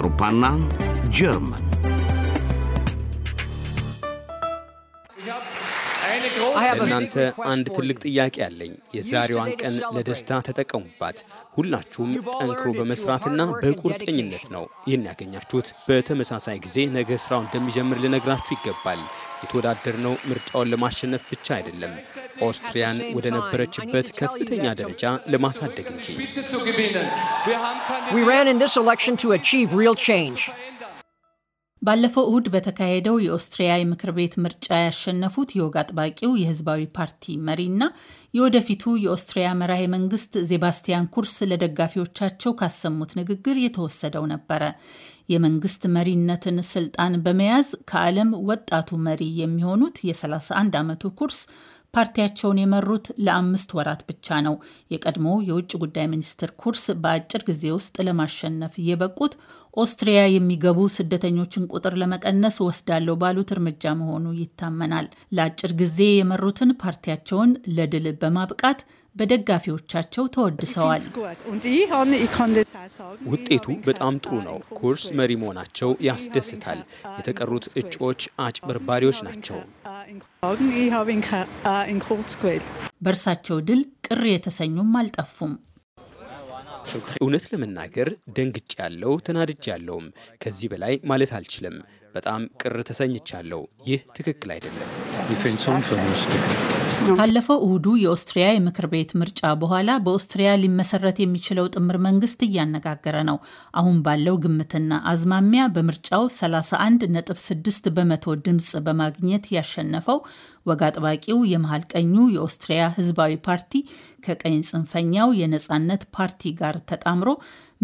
Rupanang, Jerman. ለእናንተ አንድ ትልቅ ጥያቄ አለኝ። የዛሬዋን ቀን ለደስታ ተጠቀሙባት። ሁላችሁም ጠንክሮ በመስራትና በቁርጠኝነት ነው ይህን ያገኛችሁት። በተመሳሳይ ጊዜ ነገ ስራው እንደሚጀምር ልነግራችሁ ይገባል። የተወዳደርነው ምርጫውን ለማሸነፍ ብቻ አይደለም፣ ኦስትሪያን ወደ ነበረችበት ከፍተኛ ደረጃ ለማሳደግ እንጂ። ባለፈው እሁድ በተካሄደው የኦስትሪያ የምክር ቤት ምርጫ ያሸነፉት የወግ አጥባቂው የህዝባዊ ፓርቲ መሪና የወደፊቱ የኦስትሪያ መራሄ መንግስት ዜባስቲያን ኩርስ ለደጋፊዎቻቸው ካሰሙት ንግግር የተወሰደው ነበረ። የመንግስት መሪነትን ስልጣን በመያዝ ከዓለም ወጣቱ መሪ የሚሆኑት የ31 ዓመቱ ኩርስ ፓርቲያቸውን የመሩት ለአምስት ወራት ብቻ ነው። የቀድሞ የውጭ ጉዳይ ሚኒስትር ኩርስ በአጭር ጊዜ ውስጥ ለማሸነፍ የበቁት ኦስትሪያ የሚገቡ ስደተኞችን ቁጥር ለመቀነስ ወስዳለሁ ባሉት እርምጃ መሆኑ ይታመናል። ለአጭር ጊዜ የመሩትን ፓርቲያቸውን ለድል በማብቃት በደጋፊዎቻቸው ተወድሰዋል። ውጤቱ በጣም ጥሩ ነው። ኩርስ መሪ መሆናቸው ያስደስታል። የተቀሩት እጩዎች አጭበርባሪዎች ናቸው። Äh, በእርሳቸው ድል ቅር የተሰኙም አልጠፉም። እውነት ለመናገር ደንግጭ ያለው ተናድጅ ያለውም ከዚህ በላይ ማለት አልችልም። በጣም ቅር ተሰኝቻለሁ። ይህ ትክክል አይደለም። ካለፈው እሁዱ የኦስትሪያ የምክር ቤት ምርጫ በኋላ በኦስትሪያ ሊመሰረት የሚችለው ጥምር መንግስት እያነጋገረ ነው። አሁን ባለው ግምትና አዝማሚያ በምርጫው 31.6 በመቶ ድምፅ በማግኘት ያሸነፈው ወግ አጥባቂው የመሀል ቀኙ የኦስትሪያ ህዝባዊ ፓርቲ ከቀኝ ጽንፈኛው የነጻነት ፓርቲ ጋር ተጣምሮ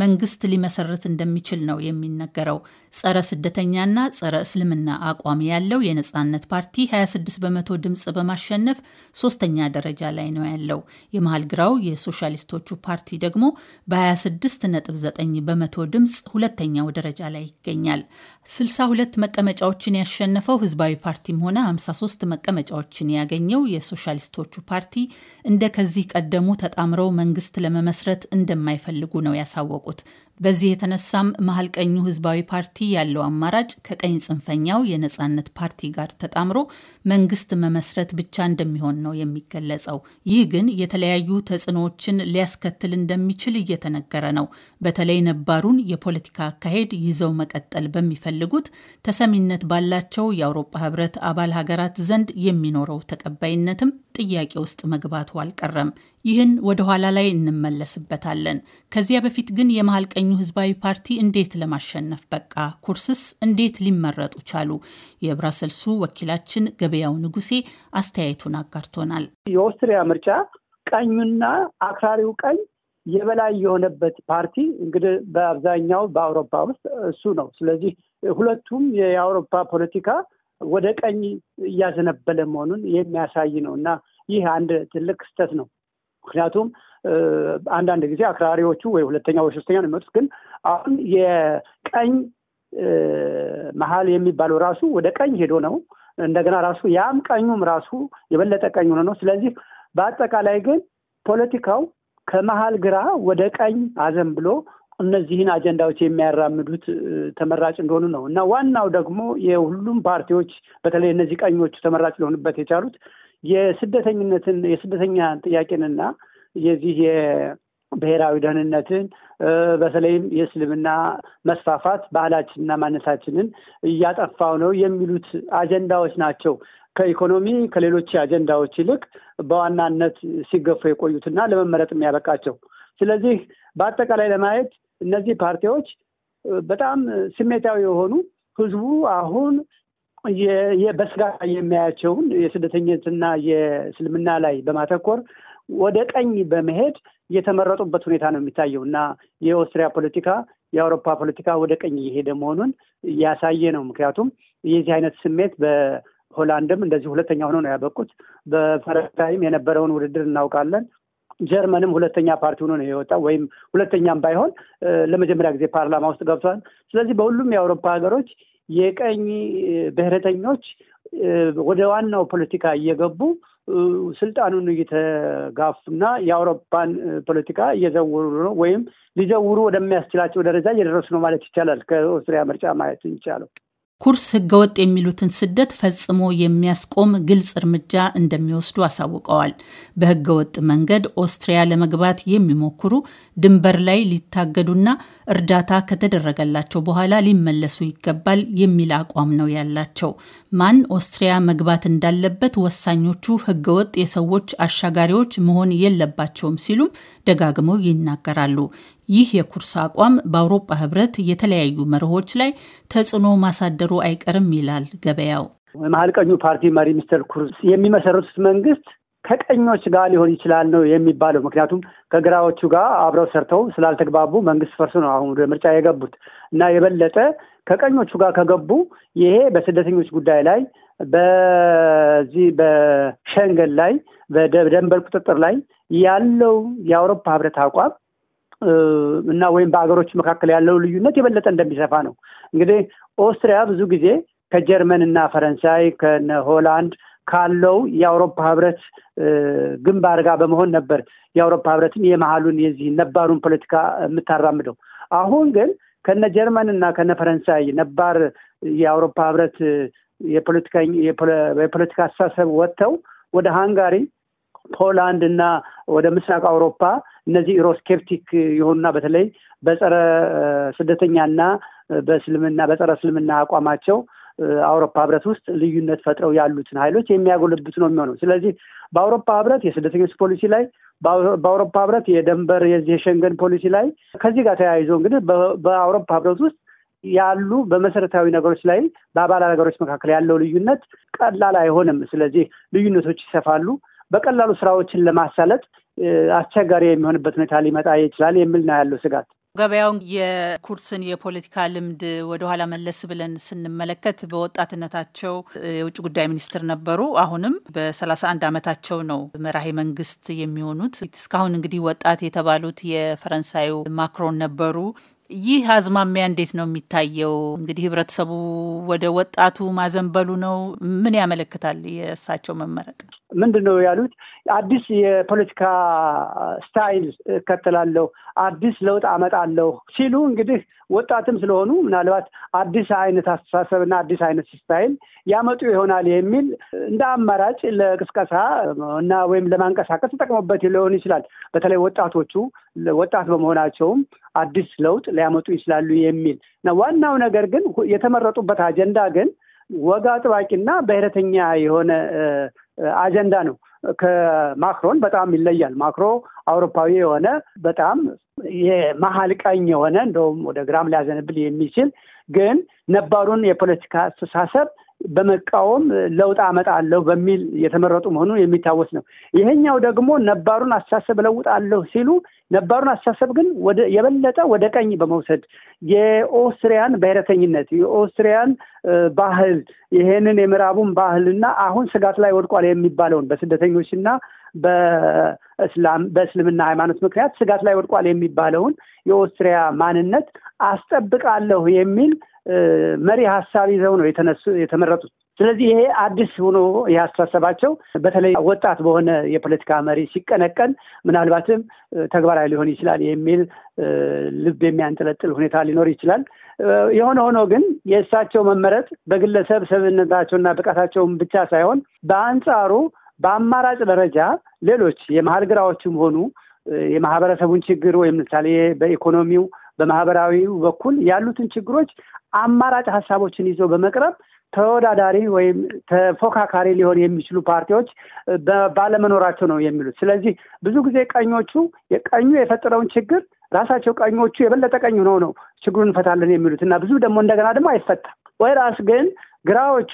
መንግስት ሊመሰረት እንደሚችል ነው የሚነገረው። ጸረ ስደተኛና ጸረ እስልምና አቋም ያለው የነጻነት ፓርቲ 26 በመቶ ድምፅ በማሸነፍ ሶስተኛ ደረጃ ላይ ነው ያለው። የመሀል ግራው የሶሻሊስቶቹ ፓርቲ ደግሞ በ 9 በመቶ ድምፅ ሁለተኛው ደረጃ ላይ ይገኛል። 62 መቀመጫዎችን ያሸነፈው ህዝባዊ ፓርቲም ሆነ 53 መቀመጫ መቀመጫዎችን ያገኘው የሶሻሊስቶቹ ፓርቲ እንደ ከዚህ ቀደሙ ተጣምረው መንግስት ለመመስረት እንደማይፈልጉ ነው ያሳወቁት። በዚህ የተነሳም መሀል ቀኙ ህዝባዊ ፓርቲ ያለው አማራጭ ከቀኝ ጽንፈኛው የነጻነት ፓርቲ ጋር ተጣምሮ መንግስት መመስረት ብቻ እንደሚሆን ነው የሚገለጸው። ይህ ግን የተለያዩ ተጽዕኖዎችን ሊያስከትል እንደሚችል እየተነገረ ነው። በተለይ ነባሩን የፖለቲካ አካሄድ ይዘው መቀጠል በሚፈልጉት ተሰሚነት ባላቸው የአውሮፓ ህብረት አባል ሀገራት ዘንድ የሚኖረው ተቀባይነትም ጥያቄ ውስጥ መግባቱ አልቀረም። ይህን ወደ ኋላ ላይ እንመለስበታለን። ከዚያ በፊት ግን የመሀል ቀኙ ህዝባዊ ፓርቲ እንዴት ለማሸነፍ በቃ? ኩርስስ እንዴት ሊመረጡ ቻሉ? የብራሰልሱ ወኪላችን ገበያው ንጉሴ አስተያየቱን አጋርቶናል። የኦስትሪያ ምርጫ ቀኙና አክራሪው ቀኝ የበላይ የሆነበት ፓርቲ እንግዲህ በአብዛኛው በአውሮፓ ውስጥ እሱ ነው። ስለዚህ ሁለቱም የአውሮፓ ፖለቲካ ወደ ቀኝ እያዘነበለ መሆኑን የሚያሳይ ነው እና ይህ አንድ ትልቅ ክስተት ነው። ምክንያቱም አንዳንድ ጊዜ አክራሪዎቹ ወይ ሁለተኛ ወይ ሶስተኛ ነው የሚመጡት። ግን አሁን የቀኝ መሀል የሚባለው ራሱ ወደ ቀኝ ሄዶ ነው እንደገና ራሱ ያም ቀኙም ራሱ የበለጠ ቀኝ ሆነ ነው። ስለዚህ በአጠቃላይ ግን ፖለቲካው ከመሀል ግራ ወደ ቀኝ አዘን ብሎ እነዚህን አጀንዳዎች የሚያራምዱት ተመራጭ እንደሆኑ ነው እና ዋናው ደግሞ የሁሉም ፓርቲዎች በተለይ እነዚህ ቀኞቹ ተመራጭ ሊሆኑበት የቻሉት የስደተኝነትን የስደተኛ ጥያቄንና የዚህ ብሔራዊ ደህንነትን በተለይም የእስልምና መስፋፋት ባህላችንና ማነሳችንን እያጠፋው ነው የሚሉት አጀንዳዎች ናቸው። ከኢኮኖሚ ከሌሎች አጀንዳዎች ይልቅ በዋናነት ሲገፉ የቆዩትና ለመመረጥ የሚያበቃቸው። ስለዚህ በአጠቃላይ ለማየት እነዚህ ፓርቲዎች በጣም ስሜታዊ የሆኑ ህዝቡ አሁን በስጋ የሚያያቸውን የስደተኝነትና የእስልምና ላይ በማተኮር ወደ ቀኝ በመሄድ የተመረጡበት ሁኔታ ነው የሚታየው እና የኦስትሪያ ፖለቲካ የአውሮፓ ፖለቲካ ወደ ቀኝ እየሄደ መሆኑን ያሳየ ነው። ምክንያቱም የዚህ አይነት ስሜት በሆላንድም እንደዚህ ሁለተኛ ሆኖ ነው ያበቁት። በፈረንሳይም የነበረውን ውድድር እናውቃለን። ጀርመንም ሁለተኛ ፓርቲ ሆኖ ነው የወጣው ወይም ሁለተኛም ባይሆን ለመጀመሪያ ጊዜ ፓርላማ ውስጥ ገብቷል። ስለዚህ በሁሉም የአውሮፓ ሀገሮች የቀኝ ብሔረተኞች ወደ ዋናው ፖለቲካ እየገቡ ስልጣኑን እየተጋፉና የአውሮፓን ፖለቲካ እየዘውሩ ነው ወይም ሊዘውሩ ወደሚያስችላቸው ደረጃ እየደረሱ ነው ማለት ይቻላል። ከኦስትሪያ ምርጫ ማየት ይቻለው ኩርስ ህገወጥ የሚሉትን ስደት ፈጽሞ የሚያስቆም ግልጽ እርምጃ እንደሚወስዱ አሳውቀዋል። በህገወጥ መንገድ ኦስትሪያ ለመግባት የሚሞክሩ ድንበር ላይ ሊታገዱና እርዳታ ከተደረገላቸው በኋላ ሊመለሱ ይገባል የሚል አቋም ነው ያላቸው። ማን ኦስትሪያ መግባት እንዳለበት ወሳኞቹ ህገወጥ የሰዎች አሻጋሪዎች መሆን የለባቸውም ሲሉም ደጋግመው ይናገራሉ። ይህ የኩርስ አቋም በአውሮፓ ህብረት የተለያዩ መርሆች ላይ ተጽዕኖ ማሳደሩ አይቀርም ይላል ገበያው። መሀል ቀኙ ፓርቲ መሪ ሚስተር ኩርስ የሚመሰረቱት መንግስት ከቀኞች ጋር ሊሆን ይችላል ነው የሚባለው። ምክንያቱም ከግራዎቹ ጋር አብረው ሰርተው ስላልተግባቡ መንግስት ፈርሶ ነው አሁን ወደ ምርጫ የገቡት እና የበለጠ ከቀኞቹ ጋር ከገቡ ይሄ በስደተኞች ጉዳይ ላይ በዚህ በሸንገን ላይ በደንበር ቁጥጥር ላይ ያለው የአውሮፓ ህብረት አቋም እና ወይም በሀገሮች መካከል ያለው ልዩነት የበለጠ እንደሚሰፋ ነው። እንግዲህ ኦስትሪያ ብዙ ጊዜ ከጀርመን እና ፈረንሳይ ከነ ሆላንድ ካለው የአውሮፓ ህብረት ግንባር ጋር በመሆን ነበር የአውሮፓ ህብረትን የመሀሉን የዚህ ነባሩን ፖለቲካ የምታራምደው። አሁን ግን ከነ ጀርመን እና ከነ ፈረንሳይ ነባር የአውሮፓ ህብረት የፖለቲካ አስተሳሰብ ወጥተው ወደ ሃንጋሪ ፖላንድ እና ወደ ምስራቅ አውሮፓ እነዚህ ኢሮስኬፕቲክ የሆኑና በተለይ በጸረ ስደተኛና በእስልምና በጸረ እስልምና አቋማቸው አውሮፓ ህብረት ውስጥ ልዩነት ፈጥረው ያሉትን ኃይሎች የሚያጎለብት ነው የሚሆነው። ስለዚህ በአውሮፓ ህብረት የስደተኞች ፖሊሲ ላይ በአውሮፓ ህብረት የደንበር የዚህ የሸንገን ፖሊሲ ላይ ከዚህ ጋር ተያይዞ እንግዲህ በአውሮፓ ህብረት ውስጥ ያሉ በመሰረታዊ ነገሮች ላይ በአባል ነገሮች መካከል ያለው ልዩነት ቀላል አይሆንም። ስለዚህ ልዩነቶች ይሰፋሉ። በቀላሉ ስራዎችን ለማሳለጥ አስቸጋሪ የሚሆንበት ሁኔታ ሊመጣ ይችላል የሚል ነው ያለው ስጋት። ገበያውን የኩርስን የፖለቲካ ልምድ ወደኋላ መለስ ብለን ስንመለከት በወጣትነታቸው የውጭ ጉዳይ ሚኒስትር ነበሩ። አሁንም በ31 ዓመታቸው ነው መራሄ መንግስት የሚሆኑት። እስካሁን እንግዲህ ወጣት የተባሉት የፈረንሳዩ ማክሮን ነበሩ። ይህ አዝማሚያ እንዴት ነው የሚታየው? እንግዲህ ህብረተሰቡ ወደ ወጣቱ ማዘንበሉ ነው። ምን ያመለክታል የእሳቸው መመረጥ? ምንድን ነው ያሉት? አዲስ የፖለቲካ ስታይል እከተላለሁ፣ አዲስ ለውጥ አመጣለሁ ሲሉ እንግዲህ ወጣትም ስለሆኑ ምናልባት አዲስ አይነት አስተሳሰብና አዲስ አይነት ስታይል ያመጡ ይሆናል የሚል እንደ አማራጭ ለቅስቀሳ እና ወይም ለማንቀሳቀስ ተጠቅሞበት ሊሆን ይችላል። በተለይ ወጣቶቹ ወጣት በመሆናቸውም አዲስ ለውጥ ሊያመጡ ይችላሉ የሚል ነው። ዋናው ነገር ግን የተመረጡበት አጀንዳ ግን ወግ አጥባቂና ብሔረተኛ የሆነ አጀንዳ ነው። ከማክሮን በጣም ይለያል። ማክሮ አውሮፓዊ የሆነ በጣም የመሀል ቀኝ የሆነ እንደውም ወደ ግራም ሊያዘንብል የሚችል ግን ነባሩን የፖለቲካ አስተሳሰብ በመቃወም ለውጥ አመጣለሁ በሚል የተመረጡ መሆኑ የሚታወስ ነው። ይሄኛው ደግሞ ነባሩን አስተሳሰብ ለውጣለሁ ሲሉ ነባሩን አስተሳሰብ ግን የበለጠ ወደ ቀኝ በመውሰድ የኦስትሪያን ብሔረተኝነት፣ የኦስትሪያን ባህል ይሄንን የምዕራቡን እና አሁን ስጋት ላይ ወድቋል የሚባለውን በስደተኞችና በእስላም በእስልምና ሃይማኖት ምክንያት ስጋት ላይ ወድቋል የሚባለውን የኦስትሪያ ማንነት አስጠብቃለሁ የሚል መሪ ሀሳብ ይዘው ነው የተነሱ የተመረጡት። ስለዚህ ይሄ አዲስ ሆኖ ያስተሳሰባቸው በተለይ ወጣት በሆነ የፖለቲካ መሪ ሲቀነቀን ምናልባትም ተግባራዊ ሊሆን ይችላል የሚል ልብ የሚያንጠለጥል ሁኔታ ሊኖር ይችላል። የሆነ ሆኖ ግን የእሳቸው መመረጥ በግለሰብ ሰብነታቸውና ብቃታቸውን ብቻ ሳይሆን በአንጻሩ በአማራጭ ደረጃ ሌሎች የመሀል ግራዎችም ሆኑ የማህበረሰቡን ችግር ወይም ምሳሌ በኢኮኖሚው በማህበራዊው በኩል ያሉትን ችግሮች አማራጭ ሀሳቦችን ይዞ በመቅረብ ተወዳዳሪ ወይም ተፎካካሪ ሊሆን የሚችሉ ፓርቲዎች ባለመኖራቸው ነው የሚሉት። ስለዚህ ብዙ ጊዜ ቀኞቹ የቀኙ የፈጠረውን ችግር ራሳቸው ቀኞቹ የበለጠ ቀኝ ሆነው ነው ችግሩን እንፈታለን የሚሉት እና ብዙ ደግሞ እንደገና ደግሞ አይፈታም። ራስ ግን ግራዎቹ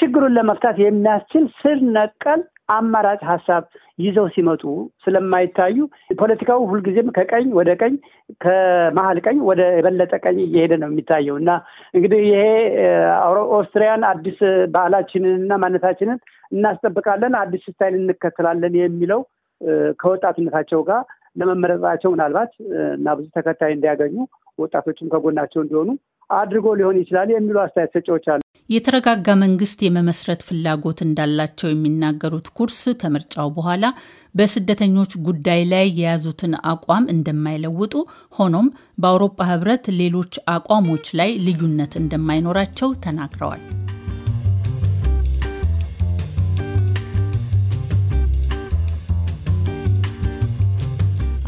ችግሩን ለመፍታት የሚያስችል ስር ነቀል አማራጭ ሀሳብ ይዘው ሲመጡ ስለማይታዩ ፖለቲካው ሁልጊዜም ከቀኝ ወደ ቀኝ ከመሀል ቀኝ ወደ የበለጠ ቀኝ እየሄደ ነው የሚታየው እና እንግዲህ ይሄ ኦስትሪያን አዲስ ባህላችንንና ማነታችንን እናስጠብቃለን፣ አዲስ ስታይል እንከተላለን የሚለው ከወጣትነታቸው ጋር ለመመረጣቸው ምናልባት እና ብዙ ተከታይ እንዲያገኙ ወጣቶችም ከጎናቸው እንዲሆኑ አድርጎ ሊሆን ይችላል የሚሉ አስተያየት ሰጪዎች አሉ። የተረጋጋ መንግስት የመመስረት ፍላጎት እንዳላቸው የሚናገሩት ኩርስ ከምርጫው በኋላ በስደተኞች ጉዳይ ላይ የያዙትን አቋም እንደማይለውጡ፣ ሆኖም በአውሮፓ ህብረት ሌሎች አቋሞች ላይ ልዩነት እንደማይኖራቸው ተናግረዋል።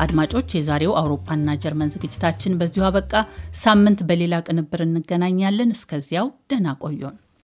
አድማጮች፣ የዛሬው አውሮፓና ጀርመን ዝግጅታችን በዚሁ አበቃ። ሳምንት በሌላ ቅንብር እንገናኛለን። እስከዚያው ደህና ቆዩን።